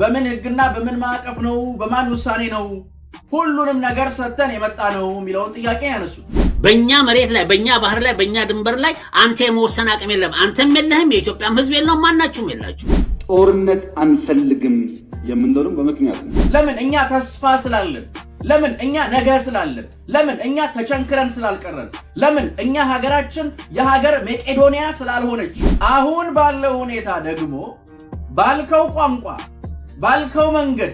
በምን ህግና በምን ማዕቀፍ ነው በማን ውሳኔ ነው ሁሉንም ነገር ሰጥተን የመጣ ነው የሚለውን ጥያቄ ያነሱት። በእኛ መሬት ላይ በእኛ ባህር ላይ በእኛ ድንበር ላይ አንተ የመወሰን አቅም የለም፣ አንተም የለህም፣ የኢትዮጵያም ህዝብ የለውም፣ ማናችሁም የላችሁ። ጦርነት አንፈልግም የምንለውም በምክንያት ነው። ለምን እኛ ተስፋ ስላለን ለምን እኛ ነገ ስላለን፣ ለምን እኛ ተቸንክረን ስላልቀረን፣ ለምን እኛ ሀገራችን የሀገር መቄዶንያ ስላልሆነች። አሁን ባለው ሁኔታ ደግሞ ባልከው ቋንቋ ባልከው መንገድ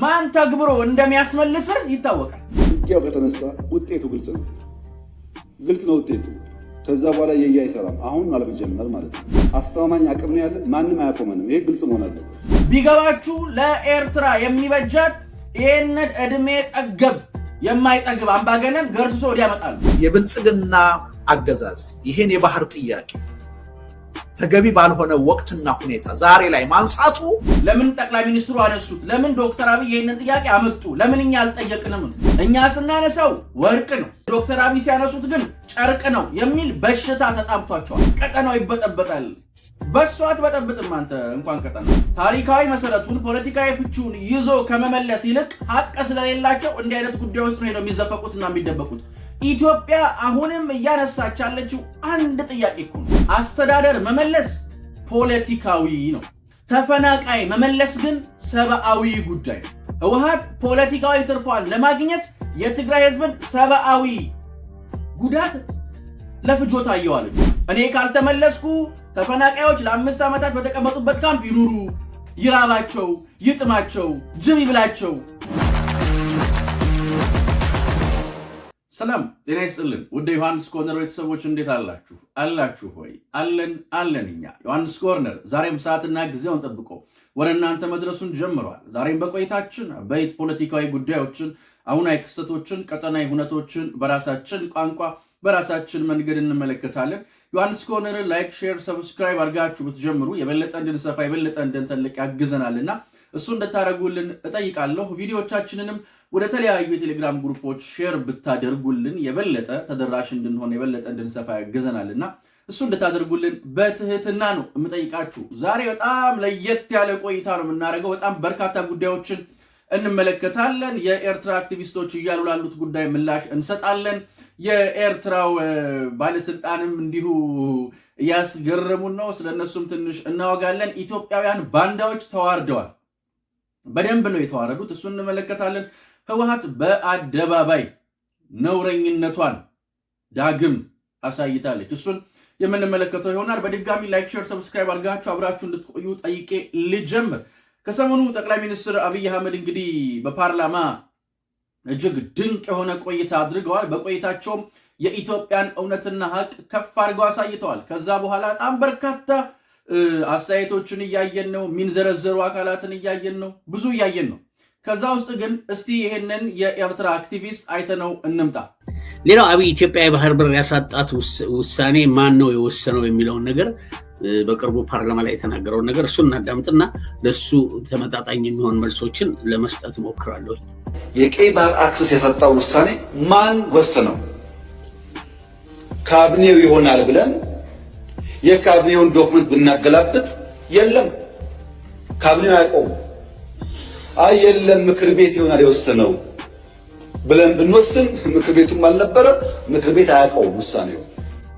ማን ተግብሮ እንደሚያስመልስህ ይታወቃል። ውጊያው ከተነሳ ውጤቱ ግልጽ ነው፣ ግልጽ ነው ውጤቱ። ከዛ በኋላ የየ አይሰራም። አሁን አለመጀመር ማለት ነው። አስተማማኝ አቅም ነው ያለን፣ ማንም አያቆመንም። ይሄ ግልጽ መሆን አለ። ቢገባችሁ ለኤርትራ የሚበጃት ይህንን እድሜ ጠገብ የማይጠግብ አምባገነን ገርስሶ ወዲያ ያመጣሉ። የብልጽግና አገዛዝ ይሄን የባህር ጥያቄ ተገቢ ባልሆነ ወቅትና ሁኔታ ዛሬ ላይ ማንሳቱ ለምን ጠቅላይ ሚኒስትሩ አነሱት? ለምን ዶክተር አብይ ይህንን ጥያቄ አመጡ? ለምን እኛ አልጠየቅንም? እኛ ስናነሳው ወርቅ ነው፣ ዶክተር አብይ ሲያነሱት ግን ጨርቅ ነው የሚል በሽታ ተጣብቷቸዋል። ቀጠናው ይበጠበጣል። በሷ አትበጠብጥም አንተ እንኳን ቀጠና። ታሪካዊ መሰረቱን ፖለቲካዊ ፍቺውን ይዞ ከመመለስ ይልቅ ሀቅ ስለሌላቸው እንዲህ አይነት ጉዳይ ውስጥ ነው ሄደው የሚዘፈቁትና የሚደበቁት። ኢትዮጵያ አሁንም እያነሳች ያለችው አንድ ጥያቄ እኮ አስተዳደር መመለስ ፖለቲካዊ ነው። ተፈናቃይ መመለስ ግን ሰብአዊ ጉዳይ ነው። ህወሓት ፖለቲካዊ ትርፏን ለማግኘት የትግራይ ህዝብን ሰብአዊ ጉዳት ለፍጆታ እየዋለ። እኔ ካልተመለስኩ ተፈናቃዮች ለአምስት ዓመታት በተቀመጡበት ካምፕ ይኑሩ፣ ይራባቸው፣ ይጥማቸው፣ ጅብ ይብላቸው። ሰላም ጤና ይስጥልን ወደ ዮሐንስ ኮርነር ቤተሰቦች እንዴት አላችሁ? አላችሁ ሆይ አለን አለን። እኛ ዮሐንስ ኮርነር ዛሬም ሰዓትና ጊዜውን ጠብቆ ወደ እናንተ መድረሱን ጀምሯል። ዛሬም በቆይታችን በይት ፖለቲካዊ ጉዳዮችን፣ አሁናዊ ክስተቶችን፣ ቀጠናዊ ሁነቶችን በራሳችን ቋንቋ በራሳችን መንገድ እንመለከታለን። ዮሐንስ ኮርነርን ላይክ፣ ሼር፣ ሰብስክራይብ አድርጋችሁ ብትጀምሩ የበለጠ እንድንሰፋ የበለጠ እንድንተልቅ ያግዘናልና እሱ እንደታደረጉልን እጠይቃለሁ ቪዲዮቻችንንም ወደ ተለያዩ የቴሌግራም ግሩፖች ሼር ብታደርጉልን የበለጠ ተደራሽ እንድንሆን የበለጠ እንድንሰፋ ያገዘናል እና እሱ እንድታደርጉልን በትህትና ነው የምጠይቃችሁ። ዛሬ በጣም ለየት ያለ ቆይታ ነው የምናደርገው። በጣም በርካታ ጉዳዮችን እንመለከታለን። የኤርትራ አክቲቪስቶች እያሉ ላሉት ጉዳይ ምላሽ እንሰጣለን። የኤርትራው ባለስልጣንም እንዲሁ እያስገረሙን ነው። ስለነሱም ትንሽ እናወጋለን። ኢትዮጵያውያን ባንዳዎች ተዋርደዋል። በደንብ ነው የተዋረዱት። እሱ እንመለከታለን። ህወሓት በአደባባይ ነውረኝነቷን ዳግም አሳይታለች። እሱን የምንመለከተው ይሆናል። በድጋሚ ላይክ፣ ሼር፣ ሰብስክራይብ አድርጋችሁ አብራችሁ እንድትቆዩ ጠይቄ ልጀምር። ከሰሞኑ ጠቅላይ ሚኒስትር አብይ አህመድ እንግዲህ በፓርላማ እጅግ ድንቅ የሆነ ቆይታ አድርገዋል። በቆይታቸውም የኢትዮጵያን እውነትና ሀቅ ከፍ አድርገው አሳይተዋል። ከዛ በኋላ በጣም በርካታ አስተያየቶችን እያየን ነው። የሚንዘረዘሩ አካላትን እያየን ነው። ብዙ እያየን ነው። ከዛ ውስጥ ግን እስቲ ይህንን የኤርትራ አክቲቪስት አይተነው እንምጣ። ሌላው አብይ ኢትዮጵያ የባህር በር ያሳጣት ውሳኔ ማን ነው የወሰነው የሚለውን ነገር በቅርቡ ፓርላማ ላይ የተናገረውን ነገር እሱን እናዳምጥና ለሱ ተመጣጣኝ የሚሆን መልሶችን ለመስጠት እሞክራለሁ። የቀይ ባህር አክሰስ ያሳጣው ውሳኔ ማን ወሰነው? ካቢኔው ይሆናል ብለን የካቢኔውን ዶክመንት ብናገላብጥ የለም፣ ካቢኔው አያውቀውም። አይ የለም ምክር ቤት ይሆናል የወሰነው ብለን ብንወስን ምክር ቤቱም አልነበረ፣ ምክር ቤት አያውቀውም ውሳኔው።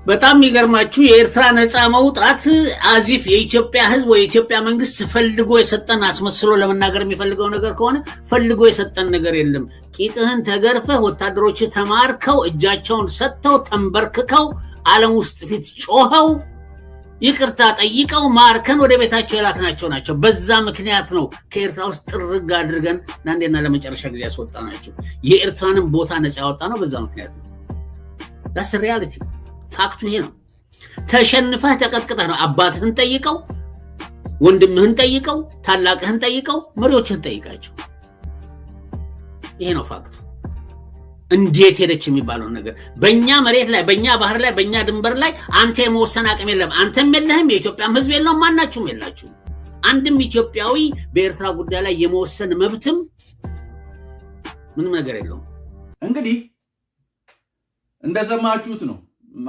በጣም የሚገርማችሁ የኤርትራ ነፃ መውጣት አዚፍ የኢትዮጵያ ሕዝብ ወይ የኢትዮጵያ መንግስት ፈልጎ የሰጠን አስመስሎ ለመናገር የሚፈልገው ነገር ከሆነ ፈልጎ የሰጠን ነገር የለም። ቂጥህን ተገርፈህ ወታደሮች ተማርከው እጃቸውን ሰጥተው ተንበርክከው ዓለም ውስጥ ፊት ጮኸው ይቅርታ ጠይቀው ማርከን ወደ ቤታቸው የላክናቸው ናቸው። በዛ ምክንያት ነው ከኤርትራ ውስጥ ጥርግ አድርገን ለአንዴና ለመጨረሻ ጊዜ ያስወጣ ናቸው። የኤርትራንም ቦታ ነፃ ያወጣ ነው በዛ ምክንያት ነው። ዳስ ሪያሊቲ ፋክቱ ይሄ ነው። ተሸንፈህ ተቀጥቅጠህ ነው። አባትህን ጠይቀው፣ ወንድምህን ጠይቀው፣ ታላቅህን ጠይቀው፣ መሪዎችህን ጠይቃቸው። ይሄ ነው ፋክቱ። እንዴት ሄደች የሚባለውን ነገር በእኛ መሬት ላይ በእኛ ባህር ላይ በእኛ ድንበር ላይ አንተ የመወሰን አቅም የለም። አንተም የለህም፣ የኢትዮጵያም ህዝብ የለውም፣ ማናችሁም የላችሁም። አንድም ኢትዮጵያዊ በኤርትራ ጉዳይ ላይ የመወሰን መብትም ምንም ነገር የለውም። እንግዲህ እንደሰማችሁት ነው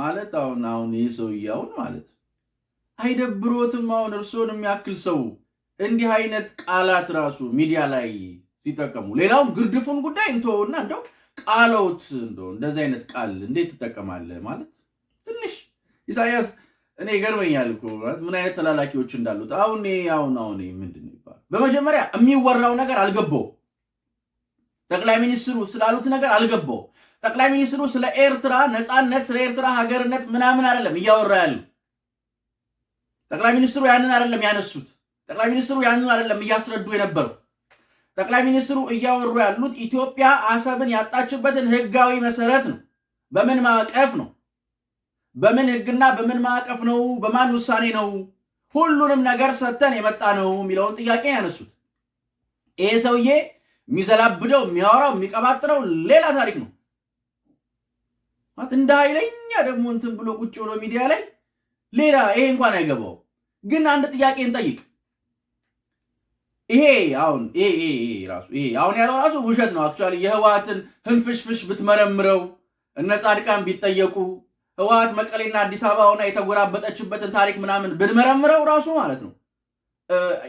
ማለት አሁን አሁን ይህ ሰውዬ ማለት አይደብሮትም? አሁን እርስዎን የሚያክል ሰው እንዲህ አይነት ቃላት ራሱ ሚዲያ ላይ ሲጠቀሙ ሌላውም ግርድፉን ጉዳይ እንተወውና እንደው ቃሎት እንደው እንደዚህ አይነት ቃል እንዴት ትጠቀማለህ? ማለት ትንሽ ኢሳያስ እኔ ገርመኛል እኮ ምን አይነት ተላላኪዎች እንዳሉት። አሁን አሁን አሁን ምንድን ነው በመጀመሪያ የሚወራው ነገር አልገባው። ጠቅላይ ሚኒስትሩ ስላሉት ነገር አልገባው። ጠቅላይ ሚኒስትሩ ስለ ኤርትራ ነፃነት፣ ስለ ኤርትራ ሀገርነት ምናምን አይደለም እያወራ ያሉ? ጠቅላይ ሚኒስትሩ ያንን አይደለም ያነሱት። ጠቅላይ ሚኒስትሩ ያንን አይደለም እያስረዱ የነበረው ጠቅላይ ሚኒስትሩ እያወሩ ያሉት ኢትዮጵያ አሰብን ያጣችበትን ህጋዊ መሰረት ነው። በምን ማዕቀፍ ነው? በምን ህግና በምን ማዕቀፍ ነው? በማን ውሳኔ ነው? ሁሉንም ነገር ሰጥተን የመጣ ነው የሚለውን ጥያቄ ያነሱት። ይሄ ሰውዬ የሚዘላብደው የሚያወራው የሚቀባጥረው ሌላ ታሪክ ነው። እንደ ኃይለኛ ደግሞ እንትን ብሎ ቁጭ ብሎ ሚዲያ ላይ ሌላ ይሄ እንኳን አይገባው። ግን አንድ ጥያቄ እንጠይቅ። ይሄ አሁን ራሱ ይሄ አሁን ያለው ራሱ ውሸት ነው። አክቹአሊ የህወሓትን ህንፍሽፍሽ ብትመረምረው እነ ጻድቃን ቢጠየቁ ህወሓት መቀሌና አዲስ አበባ ሆና የተጎራበጠችበትን ታሪክ ምናምን ብንመረምረው ራሱ ማለት ነው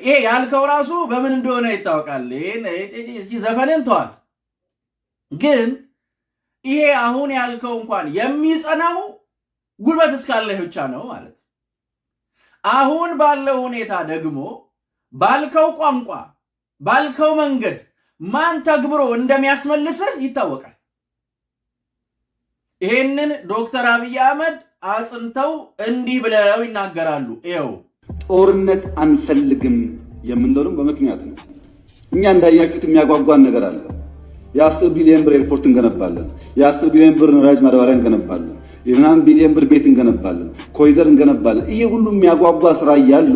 ይሄ ያልከው ራሱ በምን እንደሆነ ይታወቃል። ዘፈንን ተዋት ግን ይሄ አሁን ያልከው እንኳን የሚጸናው ጉልበት እስካለህ ብቻ ነው ማለት አሁን ባለው ሁኔታ ደግሞ ባልከው ቋንቋ ባልከው መንገድ ማን ተግብሮ እንደሚያስመልስህ ይታወቃል። ይሄንን ዶክተር አብይ አህመድ አጽንተው እንዲህ ብለው ይናገራሉ። ይኸው ጦርነት አንፈልግም የምንለውም በምክንያት ነው። እኛ እንዳያችሁት የሚያጓጓን ነገር አለ። የአስር ቢሊዮን ብር ኤርፖርት እንገነባለን። የአስር ቢሊዮን ብር ነዳጅ ማዳበሪያ እንገነባለን። የምናምን ቢሊዮን ብር ቤት እንገነባለን፣ ኮሪደር እንገነባለን። ይሄ ሁሉ የሚያጓጓ ስራ እያለ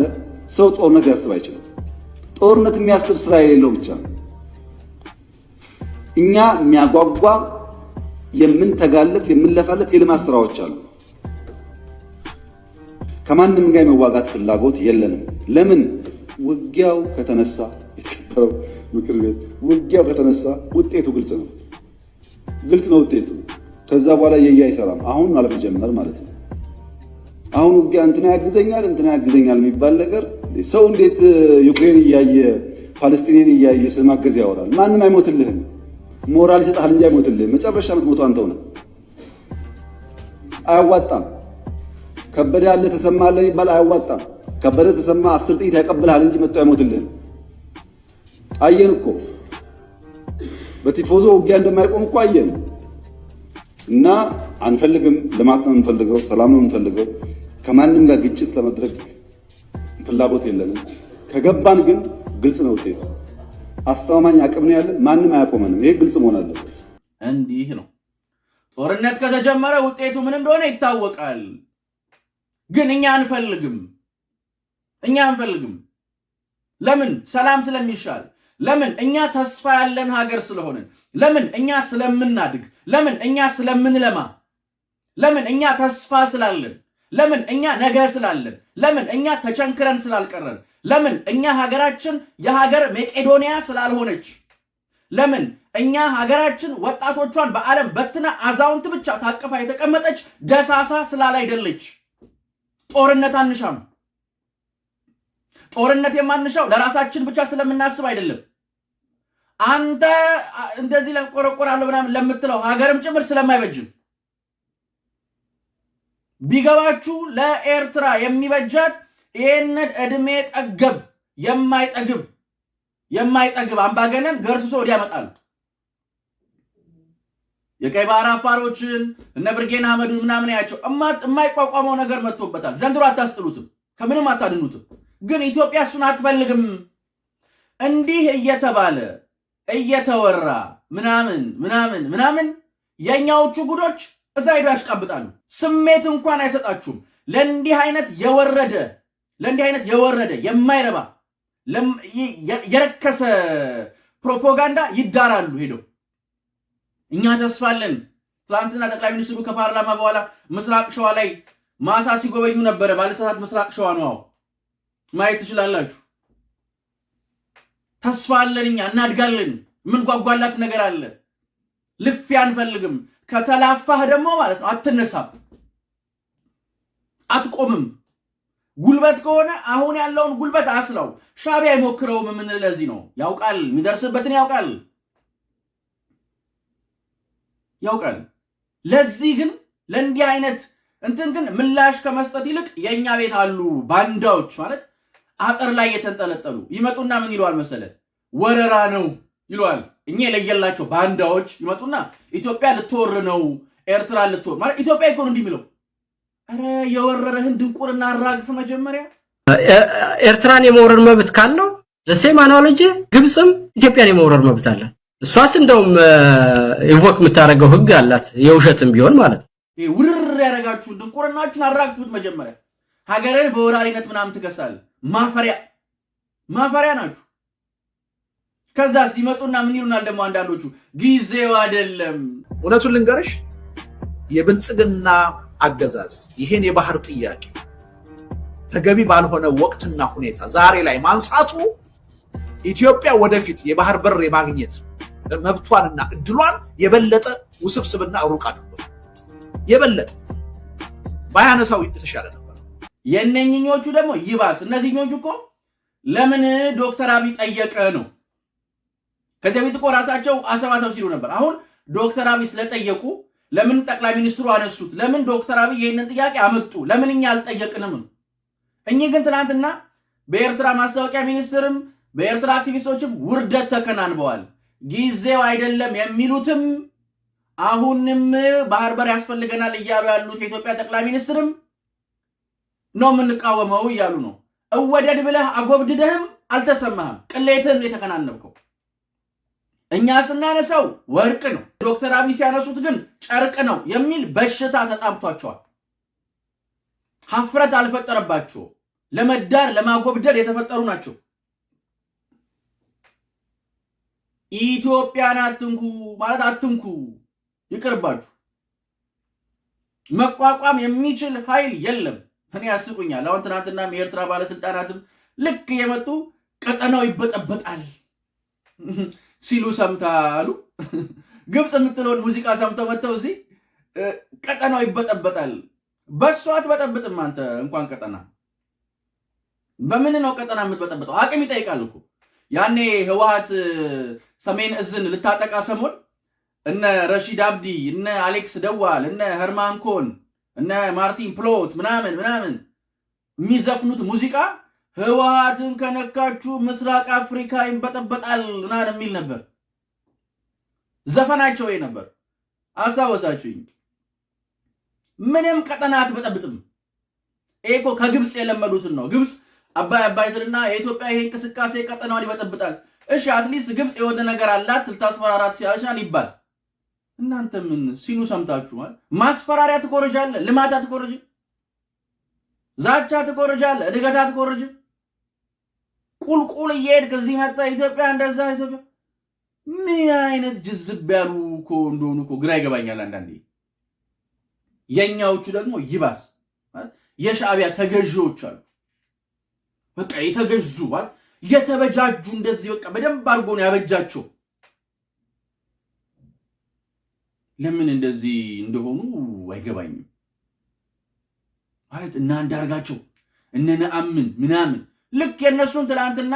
ሰው ጦርነት ሊያስብ አይችልም። ጦርነት የሚያስብ ስራ የሌለው ብቻ ነው። እኛ የሚያጓጓ የምንተጋለት የምንለፋለት የልማት ስራዎች አሉ። ከማንም ጋር የመዋጋት ፍላጎት የለንም። ለምን? ውጊያው ከተነሳ የተከበረው ምክር ቤት ውጊያው ከተነሳ ውጤቱ ግልጽ ነው፣ ግልጽ ነው ውጤቱ። ከዛ በኋላ የየ አይሰራም። አሁን አለመጀመር ማለት ነው። አሁን ውጊያ እንትና ያግዘኛል እንትና ያግዘኛል የሚባል ነገር ሰው እንዴት ዩክሬን እያየ ፓለስቲኔን እያየ ስለማገዝ ያወራል? ማንም አይሞትልህም። ሞራል ይሰጣል እንጂ አይሞትልህም። መጨረሻ የምትሞተው አንተው ነው። አያዋጣም። ከበደ ያለ ተሰማ አለ ይባል አያዋጣም። ከበደ ተሰማ አስር ጥይት ያቀብልሃል እንጂ መጥቶ አይሞትልህም። አየን እኮ በቲፎዞ ውጊያ እንደማይቆም እኮ አየን። እና አንፈልግም። ልማት ነው የምንፈልገው፣ ሰላም ነው የምንፈልገው። ከማንም ጋር ግጭት ለመድረግ ፍላጎት የለንም። ከገባን ግን ግልጽ ነው ውጤቱ። አስተማማኝ አቅም ነው ያለን፣ ማንም አያቆመንም። ይሄ ግልጽ መሆን አለበት። እንዲህ ነው ጦርነት ከተጀመረ ውጤቱ ምን እንደሆነ ይታወቃል። ግን እኛ አንፈልግም እኛ አንፈልግም። ለምን? ሰላም ስለሚሻል። ለምን? እኛ ተስፋ ያለን ሀገር ስለሆነን። ለምን? እኛ ስለምናድግ። ለምን? እኛ ስለምንለማ። ለምን? እኛ ተስፋ ስላለን ለምን እኛ ነገ ስላለን፣ ለምን እኛ ተቸንክረን ስላልቀረን፣ ለምን እኛ ሀገራችን የሀገር መቄዶንያ ስላልሆነች፣ ለምን እኛ ሀገራችን ወጣቶቿን በዓለም በትና አዛውንት ብቻ ታቅፋ የተቀመጠች ደሳሳ ስላላይደለች። ጦርነት አንሻም። ጦርነት የማንሻው ለራሳችን ብቻ ስለምናስብ አይደለም። አንተ እንደዚህ ለንቆረቆራለሁ ምናምን ለምትለው ሀገርም ጭምር ስለማይበጅም ቢገባችሁ ለኤርትራ የሚበጃት ይህንን እድሜ ጠገብ የማይጠግብ የማይጠግብ አምባገነን ገርስሶ ወዲያ ያመጣሉ። የቀይ ባህር አፋሮችን እነ ብርጌን አህመዱን ምናምን ያቸው የማይቋቋመው ነገር መጥቶበታል። ዘንድሮ አታስጥሉትም፣ ከምንም አታድኑትም። ግን ኢትዮጵያ እሱን አትፈልግም። እንዲህ እየተባለ እየተወራ ምናምን ምናምን ምናምን የእኛዎቹ ጉዶች እዛ ሄዶ ያሽቃብጣሉ። ስሜት እንኳን አይሰጣችሁም። ለእንዲህ አይነት የወረደ ለእንዲህ አይነት የወረደ የማይረባ የረከሰ ፕሮፓጋንዳ ይዳራሉ ሄደው። እኛ ተስፋ አለን። ትላንትና ጠቅላይ ሚኒስትሩ ከፓርላማ በኋላ ምስራቅ ሸዋ ላይ ማሳ ሲጎበኙ ነበረ። ባለሰዓት ምስራቅ ሸዋ ነው ማየት ትችላላችሁ። ተስፋ አለን እኛ እናድጋለን። ምን ጓጓላት ነገር አለ። ልፌ አንፈልግም። ከተላፋህ ደግሞ ማለት ነው አትነሳም፣ አትቆምም። ጉልበት ከሆነ አሁን ያለውን ጉልበት አስለው። ሻቢያ አይሞክረውም የምንል ለዚህ ነው። ያውቃል፣ የሚደርስበትን ያውቃል፣ ያውቃል። ለዚህ ግን ለእንዲህ አይነት እንትን ግን ምላሽ ከመስጠት ይልቅ የእኛ ቤት አሉ ባንዳዎች ማለት አጥር ላይ የተንጠለጠሉ ይመጡና ምን ይለዋል መሰለ ወረራ ነው ይለዋል። እኛ የለየላቸው ባንዳዎች ይመጡና ኢትዮጵያ ልትወር ነው፣ ኤርትራ ልትወር ማለት ኢትዮጵያ ይኮን እንዲህ የሚለው ኧረ የወረረህን ድንቁርና አራግፍ መጀመሪያ። ኤርትራን የመውረር መብት ካለው ዘሴም አናሎጂ ግብፅም ኢትዮጵያን የመውረር መብት አላት። እሷስ እንደውም ኢንቮክ የምታደርገው ህግ አላት፣ የውሸትም ቢሆን ማለት ነው። ውርር ያደረጋችሁ ድንቁርናችን አራግፉት መጀመሪያ። ሀገርን በወራሪነት ምናምን ትከሳል። ማፈሪያ ማፈሪያ ናችሁ። ከዛ ሲመጡና ምን ይሉናል ደግሞ አንዳንዶቹ ጊዜው አይደለም። እውነቱን ልንገርሽ የብልጽግና አገዛዝ ይሄን የባህር ጥያቄ ተገቢ ባልሆነ ወቅትና ሁኔታ ዛሬ ላይ ማንሳቱ ኢትዮጵያ ወደፊት የባህር በር የማግኘት መብቷንና እድሏን የበለጠ ውስብስብና ሩቅ አድርጎ የበለጠ ባያነሳው የተሻለ ነበር። የእነኝኞቹ ደግሞ ይባስ። እነዚህኞቹ እኮ ለምን ዶክተር አብይ ጠየቀ ነው ከዚያ ቤት እኮ ራሳቸው አሰባሰብ ሲሉ ነበር። አሁን ዶክተር አብይ ስለጠየቁ ለምን ጠቅላይ ሚኒስትሩ አነሱት? ለምን ዶክተር አብይ ይህንን ጥያቄ አመጡ? ለምን እኛ አልጠየቅንም? እኚህ ግን ትናንትና በኤርትራ ማስታወቂያ ሚኒስትርም በኤርትራ አክቲቪስቶችም ውርደት ተከናንበዋል። ጊዜው አይደለም የሚሉትም አሁንም ባህር በር ያስፈልገናል እያሉ ያሉት የኢትዮጵያ ጠቅላይ ሚኒስትርም ነው የምንቃወመው እያሉ ነው። እወደድ ብለህ አጎብድደህም አልተሰማህም። ቅሌትን የተከናነብከው እኛ ስናነሳው ወርቅ ነው፣ ዶክተር አብይ ሲያነሱት ግን ጨርቅ ነው የሚል በሽታ ተጣብቷቸዋል። ሀፍረት አልፈጠረባቸው። ለመዳር ለማጎብደር የተፈጠሩ ናቸው። ኢትዮጵያን አትንኩ ማለት አትንኩ፣ ይቅርባችሁ። መቋቋም የሚችል ኃይል የለም። እኔ ያስቁኛል። አሁን ትናንትናም የኤርትራ ባለስልጣናትም ልክ የመጡ ቀጠናው ይበጠበጣል ሲሉ ሰምታሉ። ግብፅ የምትለውን ሙዚቃ ሰምተው መጥተው እዚህ ቀጠናው ይበጠበጣል። በሷ አትበጠብጥም አንተ እንኳን ቀጠና በምን ነው ቀጠና የምትበጠብጠው? አቅም ይጠይቃል እኮ ያኔ ህወሓት ሰሜን እዝን ልታጠቃ ሰሞን እነ ረሺድ አብዲ እነ አሌክስ ደዋል እነ ሄርማን ኮን እነ ማርቲን ፕሎት ምናምን ምናምን የሚዘፍኑት ሙዚቃ ህወሓትን ከነካችሁ ምስራቅ አፍሪካ ይንበጠበጣል ና የሚል ነበር ዘፈናቸው ይሄ ነበር። አስታወሳችሁኝ። ምንም ቀጠና አትበጠብጥም። ይሄ እኮ ከግብፅ የለመዱትን ነው። ግብፅ አባይ አባይ ትልና የኢትዮጵያ ይሄ እንቅስቃሴ ቀጠናውን ይበጠብጣል። እሺ አትሊስት ግብፅ የወደ ነገር አላት ልታስፈራራት ሲያልሻል ይባል። እናንተ ምን ሲሉ ሰምታችኋል? ማስፈራሪያ ትኮርጃለ፣ ልማት አትኮርጅ፣ ዛቻ ትኮርጃለ፣ እድገት አትኮርጅ። ቁልቁል እየሄድክ እዚህ መጣ ኢትዮጵያ እንደዛ ኢትዮጵያ ምን አይነት ጅዝብ ያሉ እኮ እንደሆኑ እኮ ግራ ይገባኛል አንዳንዴ። የኛዎቹ ደግሞ ይባስ የሻዕቢያ ተገዥዎች አሉ። በቃ የተገዙ የተበጃጁ እንደዚህ በቃ በደንብ አድርጎ ነው ያበጃቸው። ለምን እንደዚህ እንደሆኑ አይገባኝም። ማለት እና አንዳርጋቸው እነ ነአምን ምናምን ልክ የእነሱን ትላንትና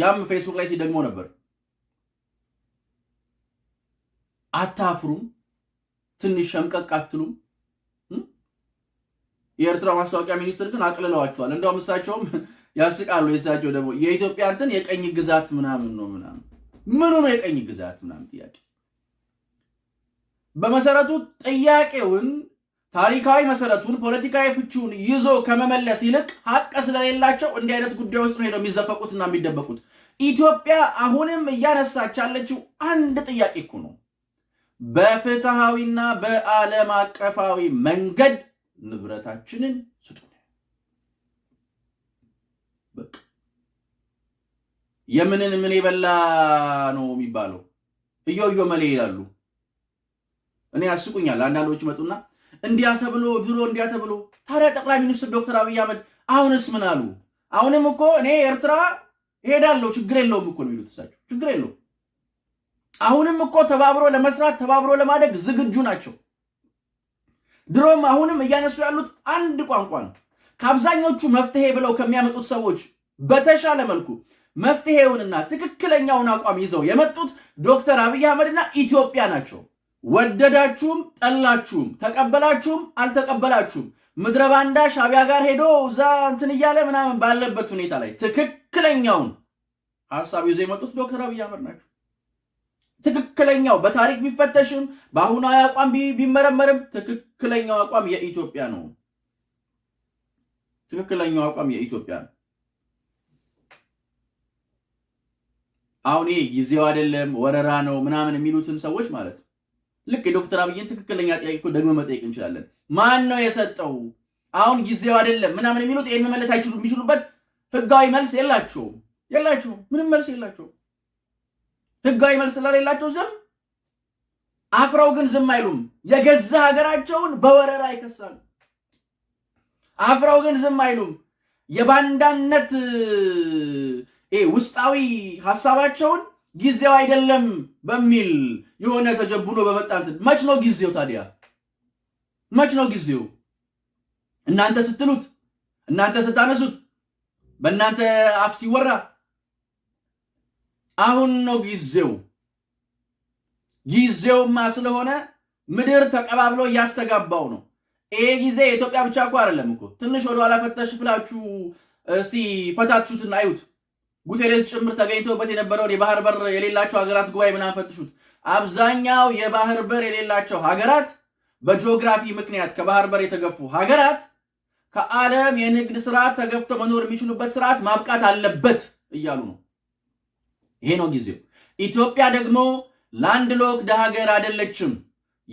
ያም ፌስቡክ ላይ ሲደግሞ ነበር። አታፍሩም? ትንሽ ሸምቀቅ አትሉም? የኤርትራ ማስታወቂያ ሚኒስትር ግን አቅልለዋቸዋል። እንዲያውም እሳቸውም ያስቃሉ። የእሳቸው ደግሞ የኢትዮጵያ እንትን የቀኝ ግዛት ምናምን ነው ምናምን ምኑ ነው የቀኝ ግዛት ምናምን ጥያቄ በመሰረቱ ጥያቄውን ታሪካዊ መሰረቱን ፖለቲካዊ ፍቺውን ይዞ ከመመለስ ይልቅ ሀቅ ስለሌላቸው እንዲህ አይነት ጉዳይ ውስጥ ነው ሄደው የሚዘፈቁትና የሚደበቁት። ኢትዮጵያ አሁንም እያነሳች ያለችው አንድ ጥያቄ እኮ ነው። በፍትሐዊና በዓለም አቀፋዊ መንገድ ንብረታችንን ስጡ። በቃ የምንን ምን የበላ ነው የሚባለው? እዮዮ መሌ ይላሉ። እኔ ያስቁኛል። አንዳንዶች መጡና እንዲያ ተብሎ ብሎ እንዲያ ተብሎ። ታዲያ ጠቅላይ ሚኒስትር ዶክተር አብይ አህመድ አሁንስ ምን አሉ? አሁንም እኮ እኔ ኤርትራ እሄዳለሁ ችግር የለውም እኮ ነው የሚሉት እሳቸው። ችግር የለውም አሁንም እኮ ተባብሮ ለመስራት ተባብሮ ለማደግ ዝግጁ ናቸው። ድሮም አሁንም እያነሱ ያሉት አንድ ቋንቋ ነው። ከአብዛኞቹ መፍትሄ ብለው ከሚያመጡት ሰዎች በተሻለ መልኩ መፍትሄውንና ትክክለኛውን አቋም ይዘው የመጡት ዶክተር አብይ አህመድና ኢትዮጵያ ናቸው። ወደዳችሁም ጠላችሁም ተቀበላችሁም አልተቀበላችሁም ምድረ ባንዳ ሻቢያ ጋር ሄዶ እዛ እንትን እያለ ምናምን ባለበት ሁኔታ ላይ ትክክለኛውን ሀሳብ ይዞ የመጡት ዶክተር አብይ አህመድ ናቸው። ትክክለኛው በታሪክ ቢፈተሽም በአሁናዊ አቋም ቢመረመርም ትክክለኛው አቋም የኢትዮጵያ ነው። ትክክለኛው አቋም የኢትዮጵያ ነው። አሁን ይህ ጊዜው አይደለም ወረራ ነው ምናምን የሚሉትን ሰዎች ማለት ነው ልክ የዶክተር አብይን ትክክለኛ ጥያቄ እኮ መጠየቅ እንችላለን። ማን ነው የሰጠው? አሁን ጊዜው አይደለም ምናምን የሚሉት ይህን መመለስ አይችሉ የሚችሉበት ህጋዊ መልስ የላቸውም የላቸውም ምንም መልስ የላቸውም። ህጋዊ መልስ ስለሌላቸው ዝም አፍረው ግን ዝም አይሉም። የገዛ ሀገራቸውን በወረራ ይከሳሉ። አፍረው ግን ዝም አይሉም። የባንዳነት ውስጣዊ ሀሳባቸውን ጊዜው አይደለም በሚል የሆነ ተጀቡኖ በመጣንት መች ነው ጊዜው ታዲያ? መች ነው ጊዜው? እናንተ ስትሉት፣ እናንተ ስታነሱት፣ በእናንተ አፍ ሲወራ አሁን ነው ጊዜው። ጊዜውማ ስለሆነ ምድር ተቀባብሎ እያስተጋባው ነው። ይሄ ጊዜ የኢትዮጵያ ብቻ እኮ አይደለም እኮ። ትንሽ ወደ ኋላ ፈተሽ ብላችሁ እስቲ ፈታትሹትና አዩት። ጉቴሬስ ጭምር ተገኝተውበት የነበረውን የባህር በር የሌላቸው ሀገራት ጉባኤ ምናምን ፈትሹት። አብዛኛው የባህር በር የሌላቸው ሀገራት በጂኦግራፊ ምክንያት ከባህር በር የተገፉ ሀገራት ከዓለም የንግድ ስርዓት ተገፍተው መኖር የሚችሉበት ስርዓት ማብቃት አለበት እያሉ ነው። ይሄ ነው ጊዜው። ኢትዮጵያ ደግሞ ላንድ ሎክ ሀገር አይደለችም።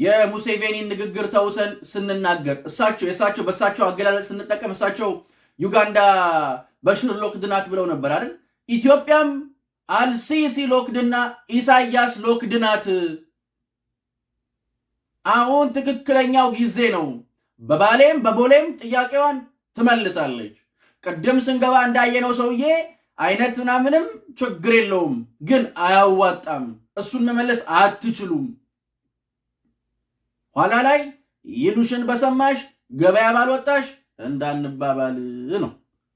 የሙሴቬኒን ንግግር ተውሰን ስንናገር እሳቸው የእሳቸው በእሳቸው አገላለጽ ስንጠቀም እሳቸው ዩጋንዳ በሽርሎክ ድናት ብለው ነበር አይደል? ኢትዮጵያም አልሲሲ ሎክድና ኢሳያስ ሎክድናት። አሁን ትክክለኛው ጊዜ ነው። በባሌም በቦሌም ጥያቄዋን ትመልሳለች። ቅድም ስንገባ እንዳየነው ሰውዬ አይነት ምናምንም ችግር የለውም፣ ግን አያዋጣም። እሱን መመለስ አትችሉም። ኋላ ላይ ይሉሽን በሰማሽ ገበያ ባልወጣሽ እንዳንባባል ነው።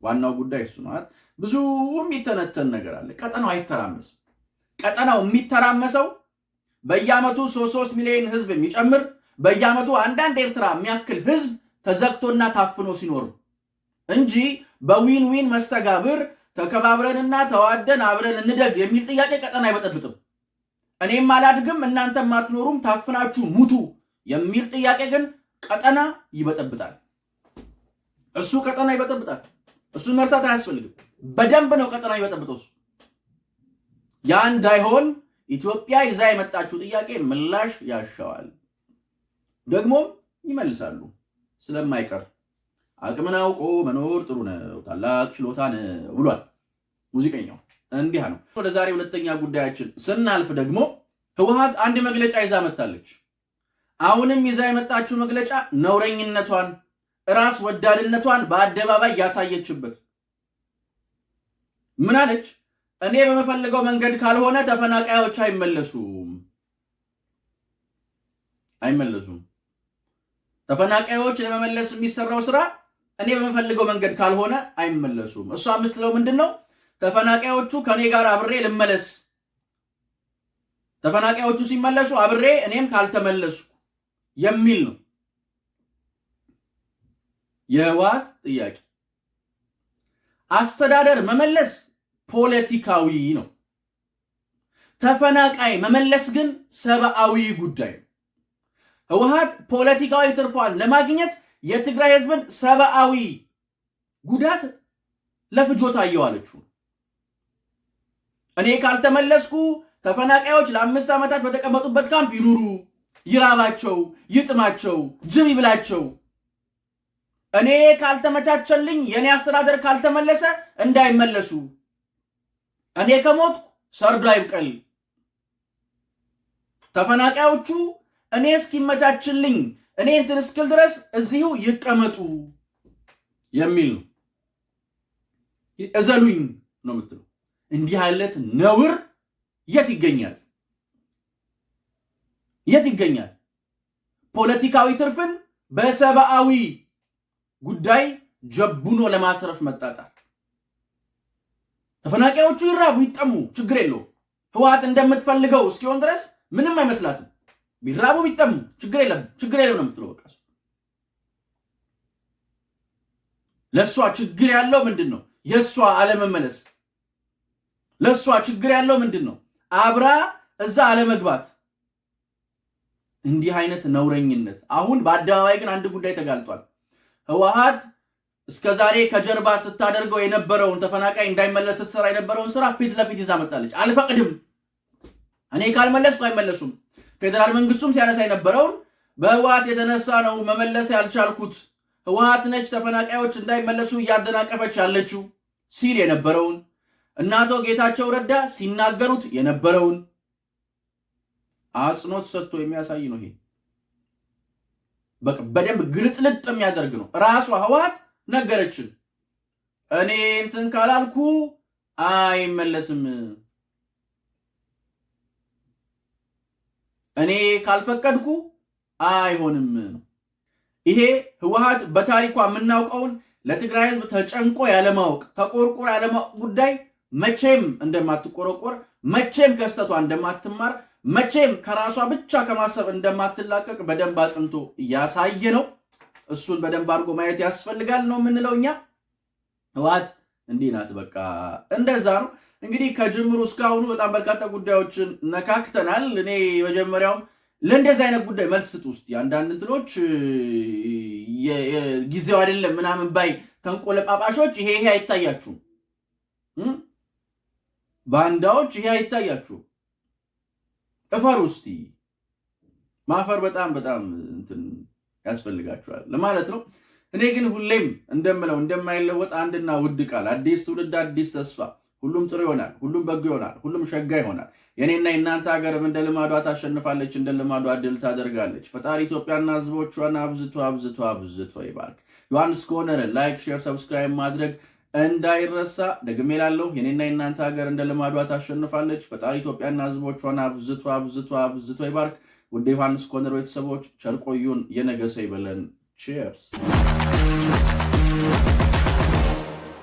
ዋናው ጉዳይ እሱ ነው። ብዙ የሚተነተን ነገር አለ። ቀጠናው አይተራመስም። ቀጠናው የሚተራመሰው በየአመቱ ሶስት ሶስት ሚሊዮን ህዝብ የሚጨምር በየዓመቱ አንዳንድ ኤርትራ የሚያክል ህዝብ ተዘግቶና ታፍኖ ሲኖር እንጂ በዊን ዊን መስተጋብር ተከባብረንና ተዋደን አብረን እንደግ የሚል ጥያቄ ቀጠና አይበጠብጥም። እኔም አላድግም እናንተም አትኖሩም ታፍናችሁ ሙቱ የሚል ጥያቄ ግን ቀጠና ይበጠብጣል። እሱ ቀጠና ይበጠብጣል። እሱን መርሳት አያስፈልግም። በደንብ ነው ቀጠና የሚበጠብጠው እሱ። ያ እንዳይሆን ኢትዮጵያ ይዛ የመጣችው ጥያቄ ምላሽ ያሻዋል። ደግሞም ይመልሳሉ ስለማይቀር አቅምን አውቆ መኖር ጥሩ ነው፣ ታላቅ ችሎታ ነው ብሏል ሙዚቀኛው። እንዲህ ነው። ወደ ዛሬ ሁለተኛ ጉዳያችን ስናልፍ ደግሞ ህወሓት አንድ መግለጫ ይዛ መጥታለች። አሁንም ይዛ የመጣችው መግለጫ ነውረኝነቷን ራስ ወዳድነቷን በአደባባይ ያሳየችበት። ምን አለች? እኔ በምፈልገው መንገድ ካልሆነ ተፈናቃዮች አይመለሱም አይመለሱም። ተፈናቃዮች ለመመለስ የሚሰራው ስራ እኔ በምፈልገው መንገድ ካልሆነ አይመለሱም። እሷ የምትለው ምንድን ነው? ተፈናቃዮቹ ከእኔ ጋር አብሬ ልመለስ፣ ተፈናቃዮቹ ሲመለሱ አብሬ እኔም ካልተመለሱ የሚል ነው። የህወሓት ጥያቄ አስተዳደር መመለስ ፖለቲካዊ ነው። ተፈናቃይ መመለስ ግን ሰብአዊ ጉዳይ ነው። ህወሓት ፖለቲካዊ ትርፏን ለማግኘት የትግራይ ህዝብን ሰብአዊ ጉዳት ለፍጆታ እየዋለችው እኔ ካልተመለስኩ ተፈናቃዮች ለአምስት ዓመታት በተቀመጡበት ካምፕ ይኑሩ፣ ይራባቸው፣ ይጥማቸው፣ ጅብ ይብላቸው እኔ ካልተመቻቸልኝ የእኔ አስተዳደር ካልተመለሰ እንዳይመለሱ እኔ ከሞት ሰርዶ አይብቀል። ተፈናቃዮቹ እኔ እስኪመቻችልኝ እኔ እንትን እስክል ድረስ እዚሁ ይቀመጡ የሚል ነው። እዘሉኝ ነው የምትለው። እንዲህ አይነት ነውር የት ይገኛል? የት ይገኛል? ፖለቲካዊ ትርፍን በሰብአዊ ጉዳይ ጀቡኖ ለማትረፍ መጣጣር። ተፈናቃዮቹ ይራቡ ይጠሙ፣ ችግር የለው ህወሓት እንደምትፈልገው እስኪሆን ድረስ ምንም አይመስላትም። ቢራቡ ቢጠሙ ችግር የለም፣ ችግር የለው ነው የምትለው። በቃ ለእሷ ችግር ያለው ምንድን ነው? የእሷ አለመመለስ። ለእሷ ችግር ያለው ምንድን ነው? አብራ እዛ አለመግባት። እንዲህ አይነት ነውረኝነት አሁን በአደባባይ ግን አንድ ጉዳይ ተጋልጧል። ህወሀት እስከ ዛሬ ከጀርባ ስታደርገው የነበረውን ተፈናቃይ እንዳይመለስ ስትሰራ የነበረውን ስራ ፊት ለፊት ይዛ መጣለች። አልፈቅድም፣ እኔ ካልመለስኩ አይመለሱም። ፌዴራል መንግስቱም ሲያነሳ የነበረውን በህወሀት የተነሳ ነው መመለስ ያልቻልኩት፣ ህወሀት ነች ተፈናቃዮች እንዳይመለሱ እያደናቀፈች ያለችው ሲል የነበረውን እና አቶ ጌታቸው ረዳ ሲናገሩት የነበረውን አጽንኦት ሰጥቶ የሚያሳይ ነው ይሄ። በደንብ ግልጥልጥ የሚያደርግ ነው። ራሷ ህወሓት ነገረችን። እኔ እንትን ካላልኩ አይመለስም፣ እኔ ካልፈቀድኩ አይሆንም። ይሄ ህወሓት በታሪኳ የምናውቀውን ለትግራይ ህዝብ ተጨንቆ ያለማወቅ ተቆርቆር ያለማወቅ ጉዳይ መቼም እንደማትቆረቆር መቼም ከስተቷ እንደማትማር መቼም ከራሷ ብቻ ከማሰብ እንደማትላቀቅ በደንብ አጽንቶ እያሳየ ነው። እሱን በደንብ አድርጎ ማየት ያስፈልጋል ነው የምንለው እኛ። ህወሓት እንዲህ ናት፣ በቃ እንደዛ ነው። እንግዲህ ከጅምሩ እስካሁኑ በጣም በርካታ ጉዳዮችን ነካክተናል። እኔ መጀመሪያውም ለእንደዚህ አይነት ጉዳይ መልስ ስጥ ውስጥ የአንዳንድ እንትኖች ጊዜው አይደለም ምናምን ባይ ተንቆለጳጳሾች ይሄ ይሄ አይታያችሁም? ባንዳዎች ይሄ አይታያችሁም? እፈሩ እስቲ። ማፈር በጣም በጣም እንትን ያስፈልጋችኋል ለማለት ነው። እኔ ግን ሁሌም እንደምለው እንደማይለወጥ አንድና ውድ ቃል፣ አዲስ ትውልድ፣ አዲስ ተስፋ፣ ሁሉም ጥሩ ይሆናል፣ ሁሉም በጎ ይሆናል፣ ሁሉም ሸጋ ይሆናል። የእኔና የእናንተ ሀገርም እንደ ልማዷ ታሸንፋለች፣ እንደ ልማዷ ድል ታደርጋለች። ፈጣሪ ኢትዮጵያና ህዝቦቿን አብዝቶ አብዝቶ አብዝቶ ይባርክ። ዮሐንስ ኮርነርን ላይክ፣ ሼር፣ ሰብስክራይብ ማድረግ እንዳይረሳ ደግሜ ላለው የኔና የእናንተ ሀገር እንደ ልማዷ ታሸንፋለች። ፈጣሪ ኢትዮጵያና ህዝቦቿን አብዝቶ አብዝቶ አብዝቶ ይባርክ። ውድ ዮሐንስ ኮርነር ቤተሰቦች ቸርቆዩን የነገሰ ይበለን። ቺርስ